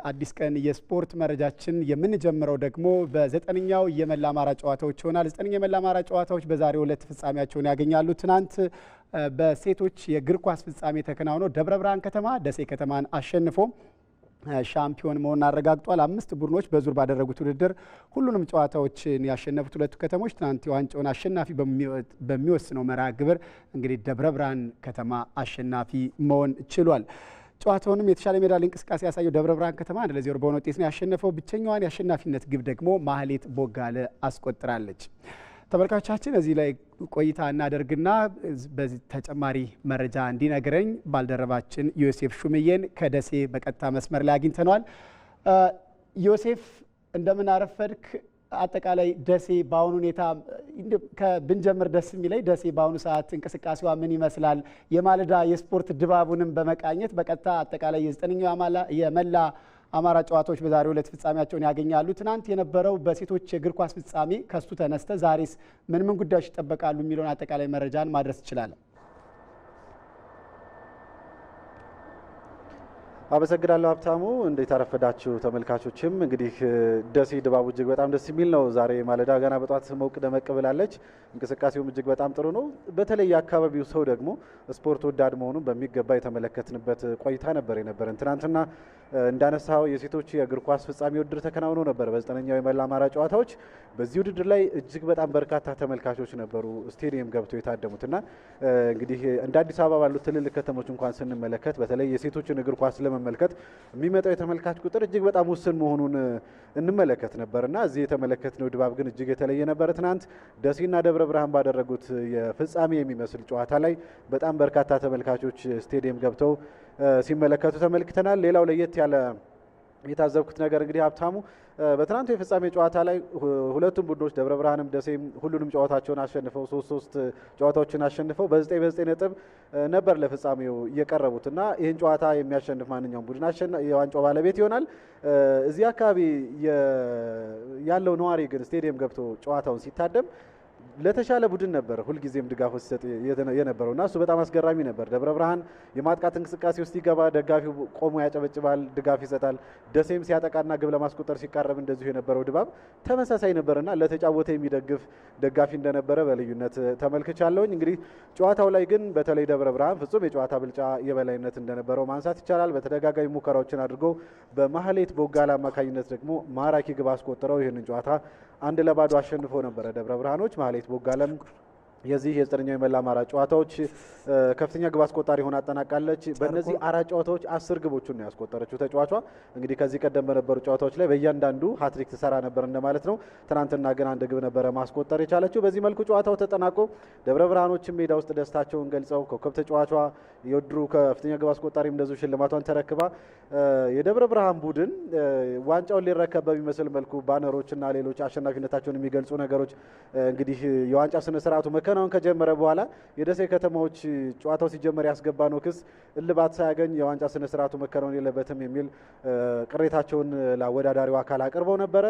የአዲስ ቀን የስፖርት መረጃችን የምንጀምረው ደግሞ በዘጠነኛው የመላ አማራ ጨዋታዎች ይሆናል። ዘጠነኛው የመላ አማራ ጨዋታዎች በዛሬው ዕለት ፍጻሜያቸውን ያገኛሉ። ትናንት በሴቶች የእግር ኳስ ፍጻሜ ተከናውኖ ደብረ ብርሃን ከተማ ደሴ ከተማን አሸንፎ ሻምፒዮን መሆኑን አረጋግጧል። አምስት ቡድኖች በዙር ባደረጉት ውድድር ሁሉንም ጨዋታዎችን ያሸነፉት ሁለቱ ከተሞች ትናንት የዋንጫውን አሸናፊ በሚወስነው መርሃ ግብር እንግዲህ ደብረ ብርሃን ከተማ አሸናፊ መሆን ችሏል። ጨዋታውንም የተሻለ ሜዳ ላይ እንቅስቃሴ ያሳየው ደብረ ብርሃን ከተማ አንድ ለዜሮ በሆነ ውጤት ነው ያሸነፈው። ብቸኛዋን የአሸናፊነት ግብ ደግሞ ማህሌት ቦጋለ አስቆጥራለች። ተመልካቾቻችን እዚህ ላይ ቆይታ እናደርግና በዚህ ተጨማሪ መረጃ እንዲነግረኝ ባልደረባችን ዮሴፍ ሹምዬን ከደሴ በቀጥታ መስመር ላይ አግኝተነዋል። ዮሴፍ እንደምን አረፈድክ? አጠቃላይ ደሴ በአሁኑ ሁኔታ ብንጀምር ደስ የሚለኝ ደሴ በአሁኑ ሰዓት እንቅስቃሴዋ ምን ይመስላል፣ የማለዳ የስፖርት ድባቡንም በመቃኘት በቀጥታ አጠቃላይ የዘጠነኛው የመላ አማራ ጨዋታዎች በዛሬው ዕለት ፍጻሜያቸውን ያገኛሉ። ትናንት የነበረው በሴቶች የእግር ኳስ ፍጻሜ ከሱ ተነስተ ዛሬስ ምን ምን ጉዳዮች ይጠበቃሉ የሚለውን አጠቃላይ መረጃን ማድረስ ይችላለን። አመሰግናለሁ ሀብታሙ። እንዴት አረፈዳችሁ ተመልካቾችም። እንግዲህ ደሴ ድባቡ እጅግ በጣም ደስ የሚል ነው። ዛሬ ማለዳ ገና በጧት መውቅ ደመቅ ብላለች። እንቅስቃሴውም እጅግ በጣም ጥሩ ነው። በተለይ የአካባቢው ሰው ደግሞ ስፖርት ወዳድ መሆኑን በሚገባ የተመለከትንበት ቆይታ ነበር የነበረን። ትናንትና እንዳነሳው የሴቶች የእግር ኳስ ፍጻሜ ውድድር ተከናውኖ ነበር በዘጠነኛው የመላ አማራ ጨዋታዎች። በዚህ ውድድር ላይ እጅግ በጣም በርካታ ተመልካቾች ነበሩ ስቴዲየም ገብቶ የታደሙት እና እንግዲህ እንደ አዲስ አበባ ባሉት ትልልቅ ከተሞች እንኳን ስንመለከት በተለይ የሴቶችን እግር ኳስ ለመ በመመልከት የሚመጣው የተመልካች ቁጥር እጅግ በጣም ውስን መሆኑን እንመለከት ነበር እና እዚህ የተመለከትነው ድባብ ግን እጅግ የተለየ ነበረ። ትናንት ደሴና ደብረ ብርሃን ባደረጉት የፍጻሜ የሚመስል ጨዋታ ላይ በጣም በርካታ ተመልካቾች ስቴዲየም ገብተው ሲመለከቱ ተመልክተናል። ሌላው ለየት ያለ የታዘብኩት ነገር እንግዲህ ሀብታሙ በትናንቱ የፍጻሜ ጨዋታ ላይ ሁለቱም ቡድኖች ደብረ ብርሃንም ደሴም ሁሉንም ጨዋታቸውን አሸንፈው ሶስት ሶስት ጨዋታዎችን አሸንፈው በዘጠኝ በዘጠኝ ነጥብ ነበር ለፍጻሜው እየቀረቡት እና ይህን ጨዋታ የሚያሸንፍ ማንኛውም ቡድን የዋንጫው ባለቤት ይሆናል። እዚህ አካባቢ ያለው ነዋሪ ግን ስቴዲየም ገብቶ ጨዋታውን ሲታደም ለተሻለ ቡድን ነበር ሁልጊዜም ድጋፍ ሲሰጥ የነበረው እና እሱ በጣም አስገራሚ ነበር። ደብረ ብርሃን የማጥቃት እንቅስቃሴ ውስጥ ይገባ፣ ደጋፊው ቆሞ ያጨበጭባል፣ ድጋፍ ይሰጣል። ደሴም ሲያጠቃና ግብ ለማስቆጠር ሲቃረብ እንደዚሁ የነበረው ድባብ ተመሳሳይ ነበርና ለተጫወተ የሚደግፍ ደጋፊ እንደነበረ በልዩነት ተመልክቻለሁኝ። እንግዲህ ጨዋታው ላይ ግን በተለይ ደብረ ብርሃን ፍጹም የጨዋታ ብልጫ የበላይነት እንደነበረው ማንሳት ይቻላል። በተደጋጋሚ ሙከራዎችን አድርገው በማህሌት በጋላ አማካኝነት ደግሞ ማራኪ ግብ አስቆጥረው ይህንን ጨዋታ አንድ ለባዶ አሸንፎ ነበረ ደብረ ብርሃኖች። ማህሌት ቦጋለም የዚህ የዘጠነኛው የመላ አማራ ጨዋታዎች ከፍተኛ ግብ አስቆጣሪ ሆና አጠናቃለች። በእነዚህ አራት ጨዋታዎች አስር ግቦቹን ነው ያስቆጠረችው ተጫዋቿ። እንግዲህ ከዚህ ቀደም በነበሩ ጨዋታዎች ላይ በእያንዳንዱ ሀትሪክ ትሰራ ነበር እንደማለት ነው። ትናንትና ግን አንድ ግብ ነበረ ማስቆጠር የቻለችው። በዚህ መልኩ ጨዋታው ተጠናቆ ደብረ ብርሃኖችን ሜዳ ውስጥ ደስታቸውን ገልጸው ኮከብ ተጫዋቿ የወድሩ ከፍተኛ ግብ አስቆጣሪም እንደዚሁ ሽልማቷን ተረክባ የደብረ ብርሃን ቡድን ዋንጫውን ሊረከብ በሚመስል መልኩ ባነሮችና ሌሎች አሸናፊነታቸውን የሚገልጹ ነገሮች እንግዲህ የዋንጫ ስነስርዓቱ መከናወን ከጀመረ በኋላ የደሴ ከተማዎች ጨዋታው ሲጀመር ያስገባ ነው ክስ እልባት ሳያገኝ የዋንጫ ስነ ስርዓቱ መከናወን የለበትም የሚል ቅሬታቸውን ለአወዳዳሪው አካል አቅርበው ነበረ።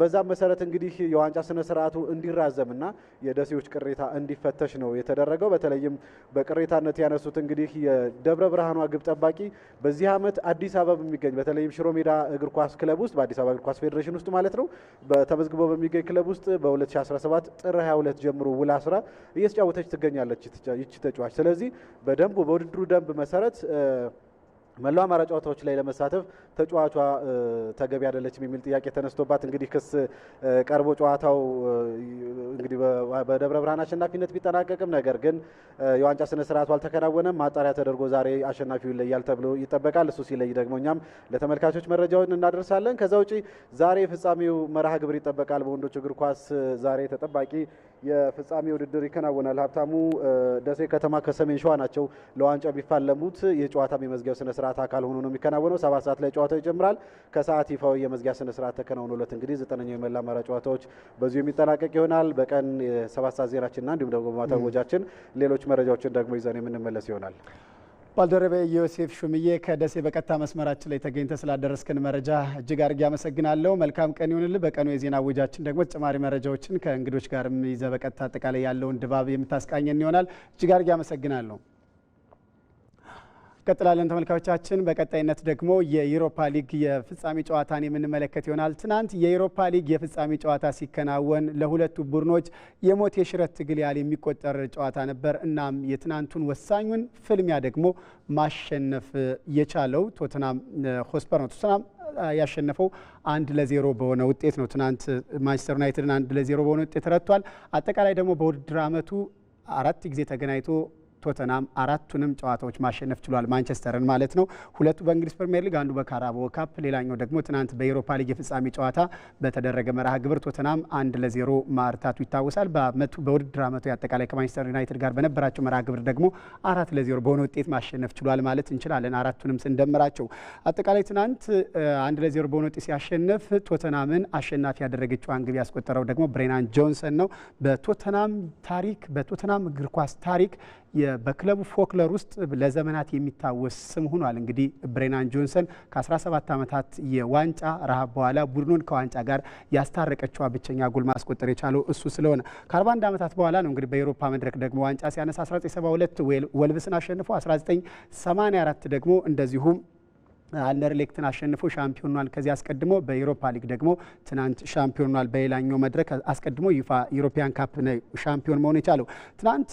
በዛም መሰረት እንግዲህ የዋንጫ ስነ ስርዓቱ እንዲራዘምና የደሴዎች ቅሬታ እንዲፈተሽ ነው የተደረገው። በተለይም በቅሬታነት ያነሱት እንግዲህ የደብረ ብርሃኗ ግብ ጠባቂ በዚህ ዓመት አዲስ አበባ በሚገኝ በተለይም ሽሮ ሜዳ እግር ኳስ ክለብ ውስጥ በአዲስ አበባ እግር ኳስ ፌዴሬሽን ውስጥ ማለት ነው በተመዝግቦ በሚገኝ ክለብ ውስጥ በ2017 ጥር 22 ጀምሮ ውል አስራ እየተጫወተች ትገኛለች ይቺ ተጫዋች። ስለዚህ በደንቡ በውድድሩ ደንብ መሰረት መላው አማራ ጨዋታዎች ላይ ለመሳተፍ ተጫዋቿ ተገቢ አይደለችም የሚል ጥያቄ ተነስቶባት እንግዲህ ክስ ቀርቦ ጨዋታው እንግዲህ በደብረ ብርሃን አሸናፊነት ቢጠናቀቅም ነገር ግን የዋንጫ ስነ ስርዓቱ አልተከናወነም። ማጣሪያ ተደርጎ ዛሬ አሸናፊው ይለያል ተብሎ ይጠበቃል። እሱ ሲለይ ደግሞ እኛም ለተመልካቾች መረጃውን እናደርሳለን። ከዛ ውጪ ዛሬ የፍጻሜው መርሃ ግብር ይጠበቃል። በወንዶች እግር ኳስ ዛሬ ተጠባቂ የፍጻሜ ውድድር ይከናወናል። ሀብታሙ ደሴ ከተማ ከሰሜን ሸዋ ናቸው ለዋንጫው የሚፋለሙት። የጨዋታም የመዝጊያው ስነ ስርዓት አካል ሆኖ ነው የሚከናወነው። ሰባት ሰዓት ላይ ጨዋታው ይጀምራል። ከሰዓት ይፋዊ የመዝጊያ ስነ ስርዓት ተከናውኖለት እንግዲህ ዘጠነኛው የመላ አማራ ጨዋታዎች በዚሁ የሚጠናቀቅ ይሆናል። በቀን የሰባት ሰዓት ዜናችንና እንዲሁም ደግሞ በማታ ወጃችን ሌሎች መረጃዎችን ደግሞ ይዘን የምንመለስ ይሆናል። ባልደረቤ ዮሴፍ ሹምዬ ከደሴ በቀጥታ መስመራችን ላይ ተገኝተ ስላደረስክን መረጃ እጅግ አድርጌ አመሰግናለሁ። መልካም ቀን ይሁንልህ። በቀኑ የዜና ውጃችን ደግሞ ተጨማሪ መረጃዎችን ከእንግዶች ጋርም ይዘ በቀጥታ አጠቃላይ ያለውን ድባብ የምታስቃኘን ይሆናል። እጅግ አድርጌ አመሰግናለሁ። ቀጥላለን ተመልካዮቻችን። በቀጣይነት ደግሞ የዩሮፓ ሊግ የፍጻሜ ጨዋታን የምንመለከት ይሆናል። ትናንት የዩሮፓ ሊግ የፍጻሜ ጨዋታ ሲከናወን ለሁለቱ ቡድኖች የሞት የሽረት ትግል ያህል የሚቆጠር ጨዋታ ነበር። እናም የትናንቱን ወሳኙን ፍልሚያ ደግሞ ማሸነፍ የቻለው ቶትናም ሆስፐር ነው። ቶትናም ያሸነፈው አንድ ለዜሮ በሆነ ውጤት ነው። ትናንት ማንቸስተር ዩናይትድን አንድ ለዜሮ በሆነ ውጤት ረቷል። አጠቃላይ ደግሞ በውድድር ዓመቱ አራት ጊዜ ተገናኝቶ ቶተናም አራቱንም ጨዋታዎች ማሸነፍ ችሏል፣ ማንቸስተርን ማለት ነው። ሁለቱ በእንግሊዝ ፕሪምየር ሊግ፣ አንዱ በካራቦ ካፕ፣ ሌላኛው ደግሞ ትናንት በኤሮፓ ሊግ የፍጻሜ ጨዋታ በተደረገ መርሃ ግብር ቶተናም አንድ ለዜሮ ማርታቱ ይታወሳል። በውድድር ዓመቱ አጠቃላይ ከማንቸስተር ዩናይትድ ጋር በነበራቸው መርሃ ግብር ደግሞ አራት ለዜሮ በሆነ ውጤት ማሸነፍ ችሏል ማለት እንችላለን። አራቱንም ስንደምራቸው አጠቃላይ ትናንት አንድ ለዜሮ በሆነ ውጤት ሲያሸነፍ ቶተናምን አሸናፊ ያደረገችው አንግብ ያስቆጠረው ደግሞ ብሬናን ጆንሰን ነው። በቶተናም ታሪክ በቶተናም እግር ኳስ ታሪክ በክለቡ ፎክለር ውስጥ ለዘመናት የሚታወስ ስም ሆኗል። እንግዲህ ብሬናን ጆንሰን ከ17 ዓመታት የዋንጫ ረሃብ በኋላ ቡድኑን ከዋንጫ ጋር ያስታረቀችዋ ብቸኛ ጎል ማስቆጠር የቻለው እሱ ስለሆነ ከ41 ዓመታት በኋላ ነው እንግዲህ በኤሮፓ መድረክ ደግሞ ዋንጫ ሲያነሳ 1972 ወልብስን አሸንፎ 1984 ደግሞ እንደዚሁም አንደርሌክትን አሸንፎ ሻምፒዮን ከዚህ አስቀድሞ በኢሮፓ ሊግ ደግሞ ትናንት ሻምፒዮን በሌላኛው መድረክ አስቀድሞ ይፋ ዩሮፒያን ካፕ ሻምፒዮን መሆን የቻለው ትናንት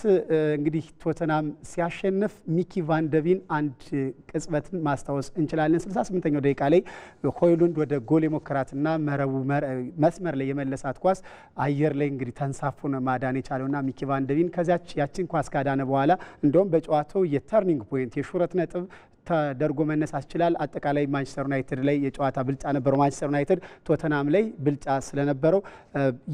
እንግዲህ ቶተናም ሲያሸንፍ ሚኪ ቫንደቪን አንድ ቅጽበትን ማስታወስ እንችላለን። 68ኛው ደቂቃ ላይ ሆይሉንድ ወደ ጎል የሞከራትና መረቡ መስመር ላይ የመለሳት ኳስ አየር ላይ እንግዲህ ተንሳፎ ማዳን የቻለውና ሚኪ ቫንደቪን ከዚያች ያችን ኳስ ካዳነ በኋላ እንደውም በጨዋታው የተርኒንግ ፖይንት የሹረት ነጥብ ተደርጎ መነሳት ይችላል። አጠቃላይ ማንቸስተር ዩናይትድ ላይ የጨዋታ ብልጫ ነበረው። ማንቸስተር ዩናይትድ ቶተናም ላይ ብልጫ ስለነበረው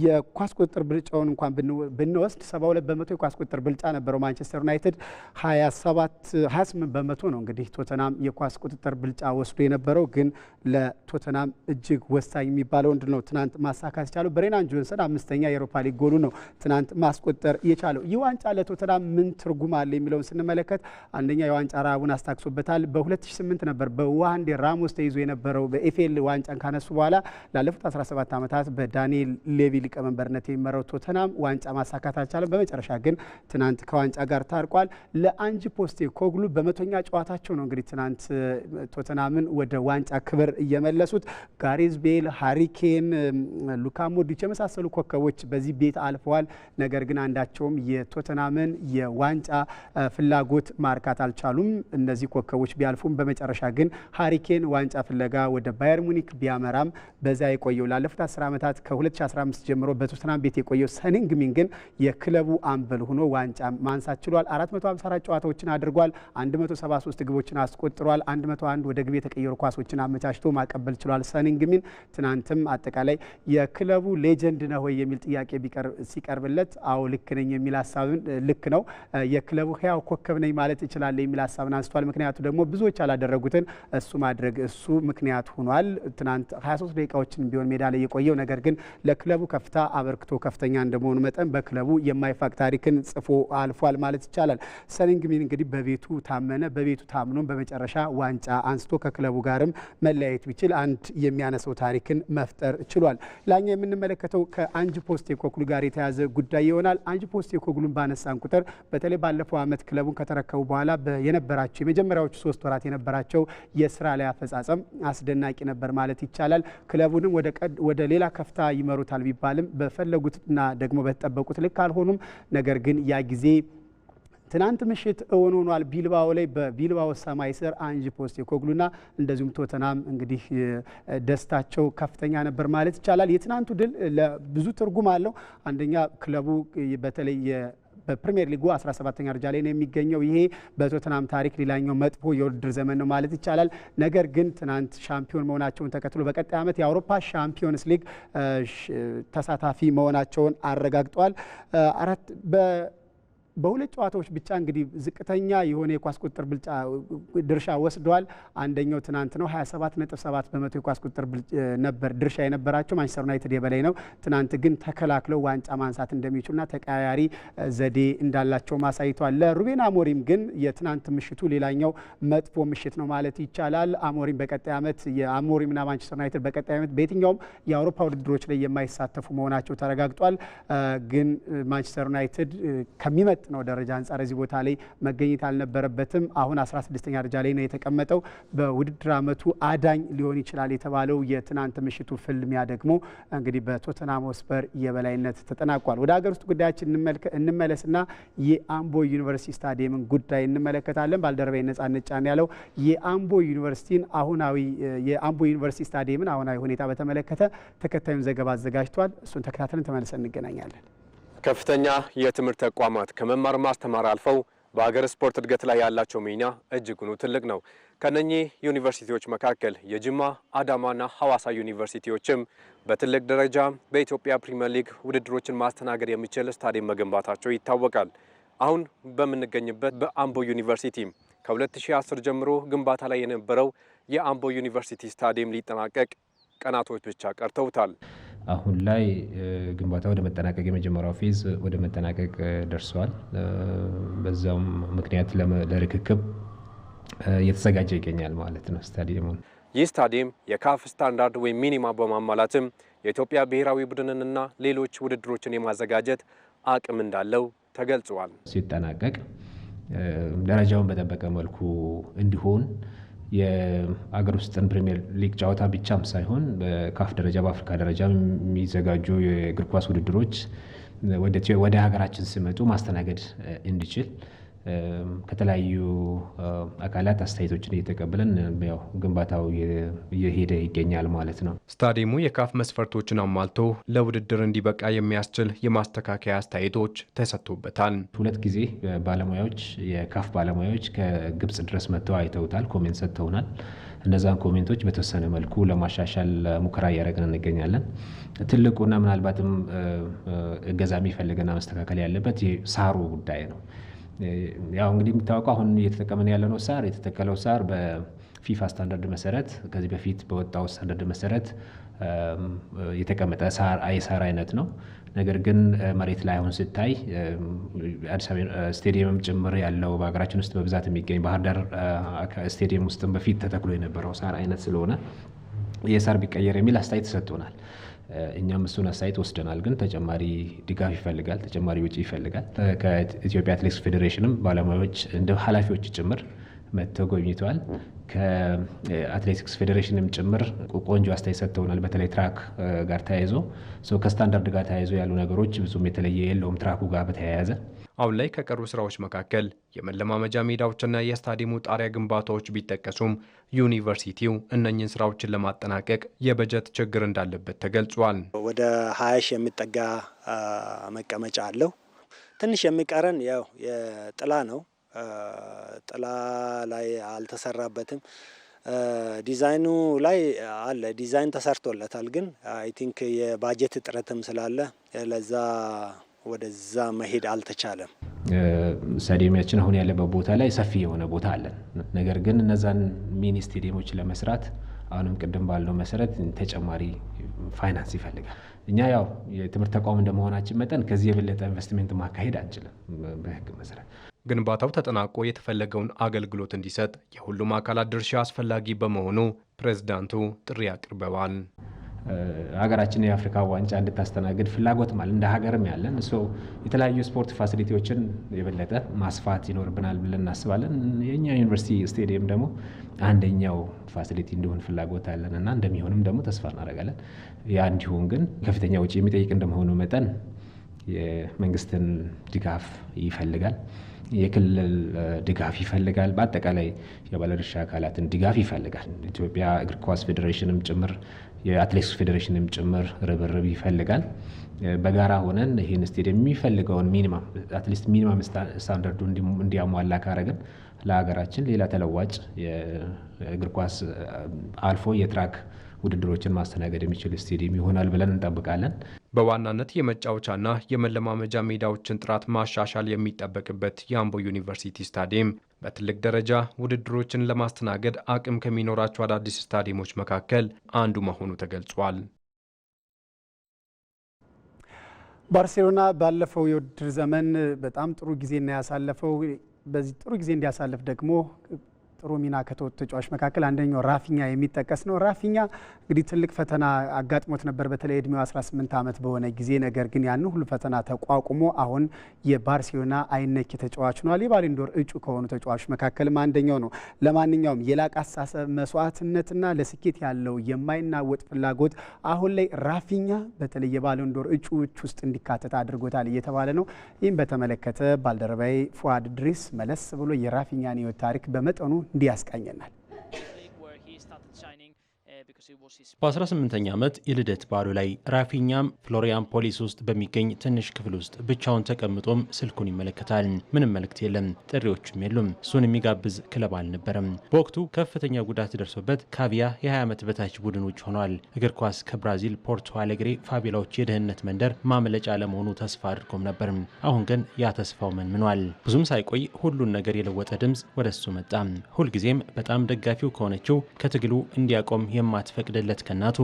የኳስ ቁጥጥር ብልጫውን እንኳን ብንወስድ 72 በመቶ የኳስ ቁጥጥር ብልጫ ነበረው ማንቸስተር ዩናይትድ 27 28 በመቶ ነው እንግዲህ ቶተናም የኳስ ቁጥጥር ብልጫ ወስዶ የነበረው ግን ለቶተናም እጅግ ወሳኝ የሚባለው እንድ ነው ትናንት ማሳካት የቻለው ብሬናን ጆንሰን አምስተኛ የአውሮፓ ሊግ ጎሉ ነው ትናንት ማስቆጠር የቻለው። ይህ ዋንጫ ለቶተናም ምን ትርጉም አለ የሚለውን ስንመለከት አንደኛ የዋንጫ ረሃቡን አስታክሶበታል። ሪያል በ2008 ነበር በዋንዴ ራሞስ ተይዞ የነበረው በኤፌል ዋንጫን ካነሱ በኋላ ላለፉት 17 ዓመታት በዳንኤል ሌቪ ሊቀመንበርነት የሚመራው ቶተናም ዋንጫ ማሳካት አልቻለም። በመጨረሻ ግን ትናንት ከዋንጫ ጋር ታርቋል። ለአንጅ ፖስቴ ኮግሉ በመቶኛ ጨዋታቸው ነው እንግዲህ ትናንት ቶተናምን ወደ ዋንጫ ክብር እየመለሱት ጋሬዝ ቤል፣ ሃሪኬን፣ ሉካ ሞድሪች የመሳሰሉ ኮከቦች በዚህ ቤት አልፈዋል። ነገር ግን አንዳቸውም የቶተናምን የዋንጫ ፍላጎት ማርካት አልቻሉም። እነዚህ ኮከቦች ክለቦች ቢያልፉም በመጨረሻ ግን ሀሪኬን ዋንጫ ፍለጋ ወደ ባየር ሙኒክ ቢያመራም በዛ የቆየው ላለፉት 10 ዓመታት ከ2015 ጀምሮ በቶትናም ቤት የቆየው ሰኒንግ ሚን ግን የክለቡ አምበል ሆኖ ዋንጫ ማንሳት ችሏል። 454 ጨዋታዎችን አድርጓል። 173 ግቦችን አስቆጥሯል። 101 ወደ ግብ የተቀየሩ ኳሶችን አመቻችቶ ማቀበል ችሏል። ሰኒንግ ሚን ትናንትም አጠቃላይ የክለቡ ሌጀንድ ነህ ወይ የሚል ጥያቄ ሲቀርብለት አዎ ልክ ነኝ የሚል ሀሳብን ልክ ነው የክለቡ ህያው ኮከብ ነኝ ማለት ይችላል የሚል ሀሳብን አንስቷል። ምክንያቱ ደግሞ ደግሞ ብዙዎች ያላደረጉትን እሱ ማድረግ እሱ ምክንያት ሆኗል። ትናንት 23 ደቂቃዎችን ቢሆን ሜዳ ላይ የቆየው ነገር ግን ለክለቡ ከፍታ አበርክቶ ከፍተኛ እንደመሆኑ መጠን በክለቡ የማይፋቅ ታሪክን ጽፎ አልፏል ማለት ይቻላል። ሰሊንግሚን እንግዲህ በቤቱ ታመነ። በቤቱ ታምኖም በመጨረሻ ዋንጫ አንስቶ ከክለቡ ጋርም መለያየት ቢችል አንድ የሚያነሰው ታሪክን መፍጠር ችሏል። ላኛ የምንመለከተው ከአንጅ ኮክሉ ጋር የተያዘ ጉዳይ ይሆናል። አንጅ ኮክሉን ባነሳን ቁጥር በተለይ ባለፈው ዓመት ክለቡን ከተረከቡ በኋላ የነበራቸው የመጀመሪያዎቹ ሶስት ወራት የነበራቸው የስራ ላይ አፈጻጸም አስደናቂ ነበር ማለት ይቻላል። ክለቡንም ወደ ሌላ ከፍታ ይመሩታል ቢባልም በፈለጉትና ደግሞ በተጠበቁት ልክ አልሆኑም። ነገር ግን ያ ጊዜ ትናንት ምሽት እውን ሆኗል። ቢልባኦ ላይ በቢልባኦ ሰማይ ስር አንጅ የኮግሉና እንደዚሁም ቶተናም እንግዲህ ደስታቸው ከፍተኛ ነበር ማለት ይቻላል። የትናንቱ ድል ለብዙ ትርጉም አለው። አንደኛ ክለቡ በተለይ በፕሪሚየር ሊጉ 17ኛ ደረጃ ላይ ነው የሚገኘው። ይሄ በቶተናም ታሪክ ሌላኛው መጥፎ የውድድር ዘመን ነው ማለት ይቻላል። ነገር ግን ትናንት ሻምፒዮን መሆናቸውን ተከትሎ በቀጣይ ዓመት የአውሮፓ ሻምፒዮንስ ሊግ ተሳታፊ መሆናቸውን አረጋግጧል። አራት በሁለት ጨዋታዎች ብቻ እንግዲህ ዝቅተኛ የሆነ የኳስ ቁጥጥር ብልጫ ድርሻ ወስደዋል። አንደኛው ትናንት ነው፣ 7 በመቶ የኳስ ቁጥጥር ነበር ድርሻ የነበራቸው ማንቸስተር ዩናይትድ የበላይ ነው። ትናንት ግን ተከላክለው ዋንጫ ማንሳት እንደሚችሉና ተቀያያሪ ዘዴ እንዳላቸው ማሳይቷል። ለሩቤን አሞሪም ግን የትናንት ምሽቱ ሌላኛው መጥፎ ምሽት ነው ማለት ይቻላል። አሞሪም በቀጣይ ዓመት የአሞሪምና ማንቸስተር ዩናይትድ በቀጣይ ዓመት በየትኛውም የአውሮፓ ውድድሮች ላይ የማይሳተፉ መሆናቸው ተረጋግጧል። ግን ማንቸስተር ዩናይትድ ከሚመ ነው ደረጃ አንጻር እዚህ ቦታ ላይ መገኘት አልነበረበትም። አሁን 16ኛ ደረጃ ላይ ነው የተቀመጠው። በውድድር ዓመቱ አዳኝ ሊሆን ይችላል የተባለው የትናንት ምሽቱ ፍልሚያ ደግሞ እንግዲህ በቶተናሞስ በር የበላይነት ተጠናቋል። ወደ ሀገር ውስጥ ጉዳያችን እንመለስና የአምቦ ዩኒቨርሲቲ ስታዲየምን ጉዳይ እንመለከታለን። ባልደረባዬ ነጻነት ጫን ያለው የአምቦ ዩኒቨርሲቲን አሁናዊ የአምቦ ዩኒቨርሲቲ ስታዲየምን አሁናዊ ሁኔታ በተመለከተ ተከታዩን ዘገባ አዘጋጅቷል። እሱን ተከታትለን ተመልሰን እንገናኛለን። ከፍተኛ የትምህርት ተቋማት ከመማር ማስተማር አልፈው በሀገር ስፖርት እድገት ላይ ያላቸው ሚና እጅጉኑ ትልቅ ነው። ከነኚህ ዩኒቨርሲቲዎች መካከል የጅማ አዳማና ሐዋሳ ዩኒቨርሲቲዎችም በትልቅ ደረጃ በኢትዮጵያ ፕሪምየር ሊግ ውድድሮችን ማስተናገድ የሚችል ስታዲየም መገንባታቸው ይታወቃል። አሁን በምንገኝበት በአምቦ ዩኒቨርሲቲ ከ2010 ጀምሮ ግንባታ ላይ የነበረው የአምቦ ዩኒቨርሲቲ ስታዲየም ሊጠናቀቅ ቀናቶች ብቻ ቀርተውታል። አሁን ላይ ግንባታ ወደ መጠናቀቅ የመጀመሪያው ፌዝ ወደ መጠናቀቅ ደርሷል። በዛውም ምክንያት ለርክክብ እየተዘጋጀ ይገኛል ማለት ነው ስታዲየሙን። ይህ ስታዲየም የካፍ ስታንዳርድ ወይም ሚኒማ በማሟላትም የኢትዮጵያ ብሔራዊ ቡድንንና ሌሎች ውድድሮችን የማዘጋጀት አቅም እንዳለው ተገልጿል። ሲጠናቀቅ ደረጃውን በጠበቀ መልኩ እንዲሆን የአገር ውስጥን ፕሪሚየር ሊግ ጨዋታ ብቻም ሳይሆን በካፍ ደረጃ በአፍሪካ ደረጃ የሚዘጋጁ የእግር ኳስ ውድድሮች ወደ ሀገራችን ሲመጡ ማስተናገድ እንዲችል ከተለያዩ አካላት አስተያየቶችን እየተቀበለን ያው ግንባታው እየሄደ ይገኛል ማለት ነው። ስታዲየሙ የካፍ መስፈርቶችን አሟልቶ ለውድድር እንዲበቃ የሚያስችል የማስተካከያ አስተያየቶች ተሰጥቶበታል። ሁለት ጊዜ ባለሙያዎች የካፍ ባለሙያዎች ከግብጽ ድረስ መጥተው አይተውታል፣ ኮሜንት ሰጥተውናል። እነዛን ኮሜንቶች በተወሰነ መልኩ ለማሻሻል ሙከራ እያደረግን እንገኛለን። ትልቁና ምናልባትም እገዛ የሚፈልግና መስተካከል ያለበት ሳሩ ጉዳይ ነው። ያው እንግዲህ የሚታወቀው አሁን እየተጠቀመን ያለነው ሳር የተተከለው ሳር በፊፋ ስታንዳርድ መሰረት ከዚህ በፊት በወጣው ስታንዳርድ መሰረት የተቀመጠ ሳር የሳር አይነት ነው። ነገር ግን መሬት ላይ አሁን ስታይ አዲስ ስቴዲየምም ጭምር ያለው በሀገራችን ውስጥ በብዛት የሚገኝ ባህር ዳር ስቴዲየም ውስጥም በፊት ተተክሎ የነበረው ሳር አይነት ስለሆነ የሳር ቢቀየር የሚል አስተያየት ተሰጥቶናል። እኛም እሱን አስተያየት ወስደናል። ግን ተጨማሪ ድጋፍ ይፈልጋል፣ ተጨማሪ ወጪ ይፈልጋል። ከኢትዮጵያ አትሌቲክስ ፌዴሬሽንም ባለሙያዎች እንደ ኃላፊዎች ጭምር መጥተው ጎብኝተዋል። ከአትሌቲክስ ፌዴሬሽንም ጭምር ቆንጆ አስተያየት ሰጥተውናል። በተለይ ትራክ ጋር ተያይዞ ከስታንዳርድ ጋር ተያይዞ ያሉ ነገሮች ብዙም የተለየ የለውም ትራኩ ጋር በተያያዘ አሁን ላይ ከቀሩ ስራዎች መካከል የመለማመጃ ሜዳዎችና የስታዲየሙ ጣሪያ ግንባታዎች ቢጠቀሱም ዩኒቨርሲቲው እነኝን ስራዎችን ለማጠናቀቅ የበጀት ችግር እንዳለበት ተገልጿል። ወደ ሀያ ሺህ የሚጠጋ መቀመጫ አለው። ትንሽ የሚቀረን ያው የጥላ ነው። ጥላ ላይ አልተሰራበትም። ዲዛይኑ ላይ አለ። ዲዛይን ተሰርቶለታል፣ ግን አይ ቲንክ የባጀት እጥረትም ስላለ ለዛ ወደዛ መሄድ አልተቻለም። ስታዲየሚያችን አሁን ያለበት ቦታ ላይ ሰፊ የሆነ ቦታ አለን። ነገር ግን እነዛን ሚኒ ስቴዲየሞች ለመስራት አሁንም ቅድም ባለው መሰረት ተጨማሪ ፋይናንስ ይፈልጋል። እኛ ያው የትምህርት ተቋም እንደመሆናችን መጠን ከዚህ የበለጠ ኢንቨስትሜንት ማካሄድ አንችልም በህግ መሰረት። ግንባታው ተጠናቆ የተፈለገውን አገልግሎት እንዲሰጥ የሁሉም አካላት ድርሻ አስፈላጊ በመሆኑ ፕሬዝዳንቱ ጥሪ አቅርበዋል። ሀገራችን የአፍሪካ ዋንጫ እንድታስተናግድ ፍላጎትም ማለት እንደ ሀገርም ያለን የተለያዩ ስፖርት ፋሲሊቲዎችን የበለጠ ማስፋት ይኖርብናል ብለን እናስባለን። የኛ ዩኒቨርሲቲ ስቴዲየም ደግሞ አንደኛው ፋሲሊቲ እንዲሆን ፍላጎት አለን እና እንደሚሆንም ደግሞ ተስፋ እናደርጋለን። ያ እንዲሆን ግን ከፍተኛ ውጪ የሚጠይቅ እንደመሆኑ መጠን የመንግስትን ድጋፍ ይፈልጋል፣ የክልል ድጋፍ ይፈልጋል፣ በአጠቃላይ የባለድርሻ አካላትን ድጋፍ ይፈልጋል። ኢትዮጵያ እግር ኳስ ፌዴሬሽንም ጭምር የአትሌቲክስ ፌዴሬሽንም ጭምር ርብርብ ይፈልጋል። በጋራ ሆነን ይህን ስቴዲየም የሚፈልገውን ሚኒማም አትሊስት ሚኒማም ስታንዳርዱ እንዲያሟላ ካረግን ለሀገራችን ሌላ ተለዋጭ የእግር ኳስ አልፎ የትራክ ውድድሮችን ማስተናገድ የሚችል ስቴዲየም ይሆናል ብለን እንጠብቃለን። በዋናነት የመጫወቻና የመለማመጃ ሜዳዎችን ጥራት ማሻሻል የሚጠበቅበት የአምቦ ዩኒቨርሲቲ ስታዲየም በትልቅ ደረጃ ውድድሮችን ለማስተናገድ አቅም ከሚኖራቸው አዳዲስ ስታዲየሞች መካከል አንዱ መሆኑ ተገልጿል። ባርሴሎና ባለፈው የውድድር ዘመን በጣም ጥሩ ጊዜ ያሳለፈው። በዚህ ጥሩ ጊዜ እንዲያሳልፍ ደግሞ ጥሩ ሚና ከተወጡ ተጫዋች መካከል አንደኛው ራፊኛ የሚጠቀስ ነው። ራፊኛ እንግዲህ ትልቅ ፈተና አጋጥሞት ነበር፣ በተለይ እድሜው 18 ዓመት በሆነ ጊዜ። ነገር ግን ያን ሁሉ ፈተና ተቋቁሞ አሁን የባርሴሎና አይነኪ ተጫዋች ሆኗል። የባሊንዶር እጩ ከሆኑ ተጫዋቾች መካከልም አንደኛው ነው። ለማንኛውም የላቅ አሳሰብ መስዋዕትነትና ለስኬት ያለው የማይናወጥ ፍላጎት አሁን ላይ ራፊኛ በተለይ የባሊንዶር እጩዎች ውስጥ እንዲካተት አድርጎታል እየተባለ ነው። ይህም በተመለከተ ባልደረባይ ፉአድ ድሪስ መለስ ብሎ የራፊኛን ሕይወት ታሪክ በመጠኑ እንዲህ ያስቃኘናል። በ18ኛ ዓመት የልደት በዓሉ ላይ ራፊኛም ፍሎሪያን ፖሊስ ውስጥ በሚገኝ ትንሽ ክፍል ውስጥ ብቻውን ተቀምጦም ስልኩን ይመለከታል። ምንም መልእክት የለም፣ ጥሪዎችም የሉም። እሱን የሚጋብዝ ክለብ አልነበረም። በወቅቱ ከፍተኛ ጉዳት ደርሶበት ካቪያ የ20 ዓመት በታች ቡድን ውጭ ሆኗል። እግር ኳስ ከብራዚል ፖርቶ አሌግሬ ፋቤላዎች የደህንነት መንደር ማምለጫ ለመሆኑ ተስፋ አድርጎም ነበር። አሁን ግን ያ ተስፋው መንምኗል። ብዙም ሳይቆይ ሁሉን ነገር የለወጠ ድምፅ ወደ እሱ መጣ። ሁልጊዜም በጣም ደጋፊው ከሆነችው ከትግሉ እንዲያቆም የማ አትፈቅድለት ከናቱ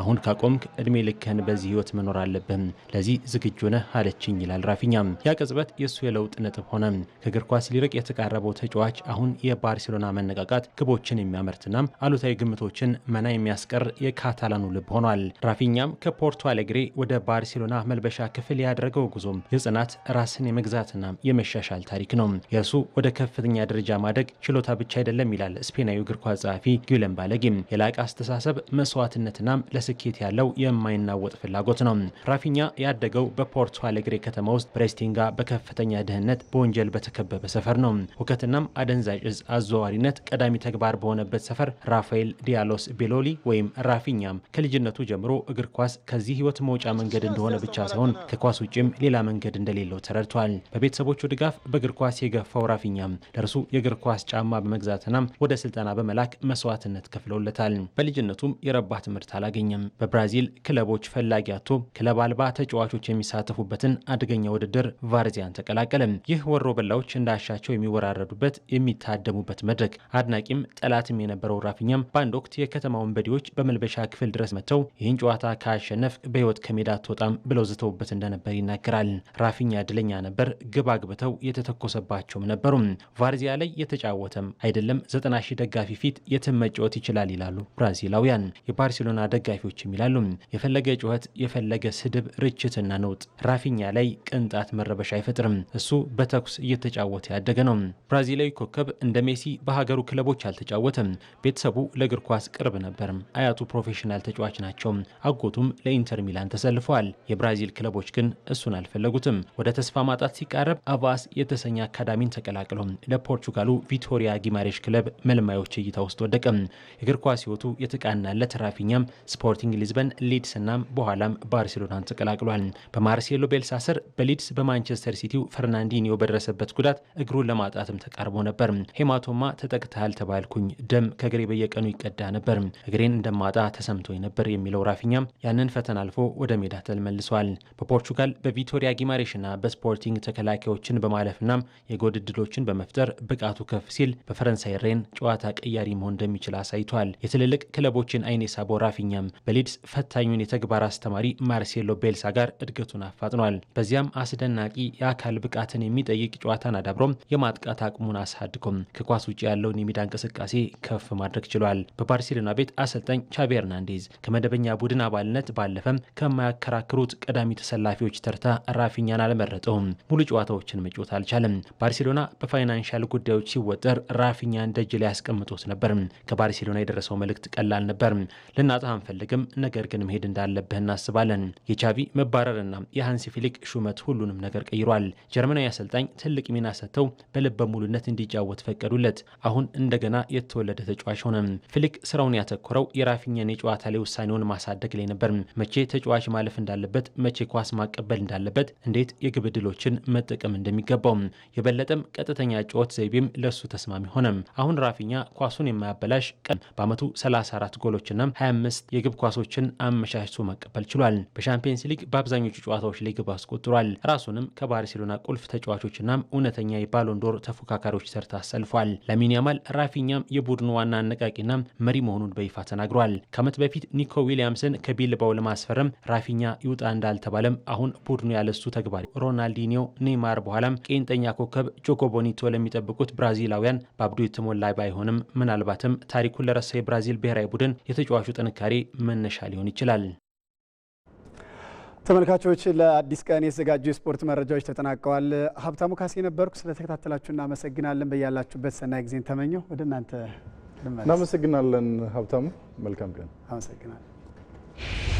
አሁን ካቆምክ እድሜ ልክህን በዚህ ህይወት መኖር አለብህም፣ ለዚህ ዝግጁ ነህ አለችኝ ይላል ራፊኛም። ያ ቅጽበት የእሱ የለውጥ ነጥብ ሆነ። ከእግር ኳስ ሊርቅ የተቃረበው ተጫዋች አሁን የባርሴሎና መነቃቃት ግቦችን የሚያመርትና አሉታዊ ግምቶችን መና የሚያስቀር የካታላኑ ልብ ሆኗል። ራፊኛም ከፖርቶ አሌግሬ ወደ ባርሴሎና መልበሻ ክፍል ያደረገው ጉዞ የጽናት ራስን የመግዛትና የመሻሻል ታሪክ ነው። የእሱ ወደ ከፍተኛ ደረጃ ማደግ ችሎታ ብቻ አይደለም ይላል ስፔናዊ እግር ኳስ ጸሐፊ ጊለን ባለጌም የላቀ አስተሳሰብ አስተሳሰብ መስዋዕትነትናም ለስኬት ያለው የማይናወጥ ፍላጎት ነው። ራፊኛ ያደገው በፖርቶ አሌግሬ ከተማ ውስጥ ፕሬስቲንጋ በከፍተኛ ድህነት በወንጀል በተከበበ ሰፈር ነው። ሁከትናም አደንዛዥ እጽ አዘዋዋሪነት ቀዳሚ ተግባር በሆነበት ሰፈር ራፋኤል ዲያሎስ ቤሎሊ ወይም ራፊኛም ከልጅነቱ ጀምሮ እግር ኳስ ከዚህ ህይወት መውጫ መንገድ እንደሆነ ብቻ ሳይሆን ከኳስ ውጭም ሌላ መንገድ እንደሌለው ተረድቷል። በቤተሰቦቹ ድጋፍ በእግር ኳስ የገፋው ራፊኛም ለእርሱ የእግር ኳስ ጫማ በመግዛትናም ወደ ስልጠና በመላክ መስዋዕትነት ከፍለውለታል። በልጅነቱ በአንጻራዊነቱም የረባ ትምህርት አላገኘም። በብራዚል ክለቦች ፈላጊ አቶ ክለብ አልባ ተጫዋቾች የሚሳተፉበትን አደገኛ ውድድር ቫርዚያን ተቀላቀለም። ይህ ወሮ በላዎች እንዳሻቸው የሚወራረዱበት የሚታደሙበት መድረክ አድናቂም ጠላትም የነበረው ራፊኛም በአንድ ወቅት የከተማውን በዲዎች በመልበሻ ክፍል ድረስ መጥተው ይህን ጨዋታ ካሸነፍ በህይወት ከሜዳ አትወጣም ብለው ዝተውበት እንደነበር ይናገራል። ራፊኛ እድለኛ ነበር። ግብ አግብተው የተተኮሰባቸውም ነበሩ። ቫርዚያ ላይ የተጫወተም አይደለም ዘጠና ሺህ ደጋፊ ፊት የትም መጫወት ይችላል ይላሉ ብራዚላዊ ኢትዮጵያውያን የባርሴሎና ደጋፊዎችም ይላሉ የፈለገ ጩኸት፣ የፈለገ ስድብ፣ ርችትና ነውጥ ራፊኛ ላይ ቅንጣት መረበሻ አይፈጥርም። እሱ በተኩስ እየተጫወተ ያደገ ነው። ብራዚላዊ ኮከብ እንደ ሜሲ በሀገሩ ክለቦች አልተጫወተም። ቤተሰቡ ለእግር ኳስ ቅርብ ነበር። አያቱ ፕሮፌሽናል ተጫዋች ናቸው። አጎቱም ለኢንተር ሚላን ተሰልፈዋል። የብራዚል ክለቦች ግን እሱን አልፈለጉትም። ወደ ተስፋ ማጣት ሲቃረብ አቫስ የተሰኘ አካዳሚን ተቀላቅሎ ለፖርቹጋሉ ቪቶሪያ ጊማሬሽ ክለብ መልማዮች እይታ ውስጥ ወደቀ። የእግር ኳስ ህይወቱ የተቃ ለቀናለት ራፊኛም ስፖርቲንግ ሊዝበን፣ ሊድስናም በኋላም ባርሴሎናን ተቀላቅሏል። በማርሴሎ ቤልሳ ስር በሊድስ በማንቸስተር ሲቲው ፈርናንዲኒዮ በደረሰበት ጉዳት እግሩን ለማጣትም ተቃርቦ ነበር። ሄማቶማ ተጠቅተሃል ተባልኩኝ፣ ደም ከእግሬ በየቀኑ ይቀዳ ነበር፣ እግሬን እንደማጣ ተሰምቶኝ ነበር የሚለው ራፊኛም ያንን ፈተና አልፎ ወደ ሜዳ ተመልሷል። በፖርቹጋል በቪቶሪያ ና በስፖርቲንግ ተከላካዮችን በማለፍና የጎል እድሎችን በመፍጠር ብቃቱ ከፍ ሲል በፈረንሳይ ሬን ጨዋታ ቀያሪ መሆን እንደሚችል አሳይቷል። የትልልቅ ክለቦ ክለቦችን አይን የሳበው ራፊኛም በሊድስ ፈታኙን የተግባር አስተማሪ ማርሴሎ ቤልሳ ጋር እድገቱን አፋጥኗል። በዚያም አስደናቂ የአካል ብቃትን የሚጠይቅ ጨዋታን አዳብሮም የማጥቃት አቅሙን አሳድጎም ከኳስ ውጭ ያለውን የሜዳ እንቅስቃሴ ከፍ ማድረግ ችሏል። በባርሴሎና ቤት አሰልጣኝ ቻቪ ሄርናንዴዝ ከመደበኛ ቡድን አባልነት ባለፈም ከማያከራክሩት ቀዳሚ ተሰላፊዎች ተርታ ራፊኛን አልመረጠውም። ሙሉ ጨዋታዎችን መጫወት አልቻለም። ባርሴሎና በፋይናንሻል ጉዳዮች ሲወጠር ራፊኛን ደጅ ላይ ያስቀምጦት ነበር። ከባርሴሎና የደረሰው መልእክት ቀላል ይላል ነበር። ልናጣህ አንፈልግም፣ ነገር ግን መሄድ እንዳለብህ እናስባለን። የቻቪ መባረርና የሃንሲ ፊሊክ ሹመት ሁሉንም ነገር ቀይሯል። ጀርመናዊ አሰልጣኝ ትልቅ ሚና ሰጥተው በልበ ሙሉነት እንዲጫወት ፈቀዱለት። አሁን እንደገና የተወለደ ተጫዋች ሆነ። ፊሊክ ስራውን ያተኮረው የራፊኛን የጨዋታ ላይ ውሳኔውን ማሳደግ ላይ ነበር። መቼ ተጫዋች ማለፍ እንዳለበት፣ መቼ ኳስ ማቀበል እንዳለበት፣ እንዴት የግብ ዕድሎችን መጠቀም እንደሚገባው የበለጠም ቀጥተኛ ጨዋታ ዘይቤም ለሱ ተስማሚ ሆነ። አሁን ራፊኛ ኳሱን የማያበላሽ ቀን በአመቱ 34 24 ጎሎችና 25 የግብ ኳሶችን አመቻችቶ መቀበል ችሏል። በሻምፒየንስ ሊግ በአብዛኞቹ ጨዋታዎች ላይ ግብ አስቆጥሯል። ራሱንም ከባርሴሎና ቁልፍ ተጫዋቾችና እውነተኛ የባሎንዶር ተፎካካሪዎች ተርታ አሰልፏል። ላሚን ያማል ራፊኛም የቡድኑ ዋና አነቃቂና መሪ መሆኑን በይፋ ተናግሯል። ከዓመት በፊት ኒኮ ዊሊያምስን ከቢልባው ለማስፈረም ራፊኛ ይውጣ እንዳልተባለም አሁን ቡድኑ ያለሱ ተግባሪ ሮናልዲኒዮ፣ ኔይማር በኋላም ቄንጠኛ ኮከብ ጆኮ ቦኒቶ ለሚጠብቁት ብራዚላውያን በአብዶ የተሞላ ባይሆንም ምናልባትም ታሪኩን ለረሳ የብራዚል ብሔራዊ ቡድን ቡድን የተጫዋቹ ጥንካሬ መነሻ ሊሆን ይችላል። ተመልካቾች ለአዲስ ቀን የተዘጋጁ የስፖርት መረጃዎች ተጠናቀዋል። ሀብታሙ ካሴ ነበርኩ። ስለተከታተላችሁ እናመሰግናለን። በያላችሁበት ሰናይ ጊዜን ተመኘው። ወደ እናንተ እናመሰግናለን። ሀብታሙ መልካም ቀን። አመሰግናለን።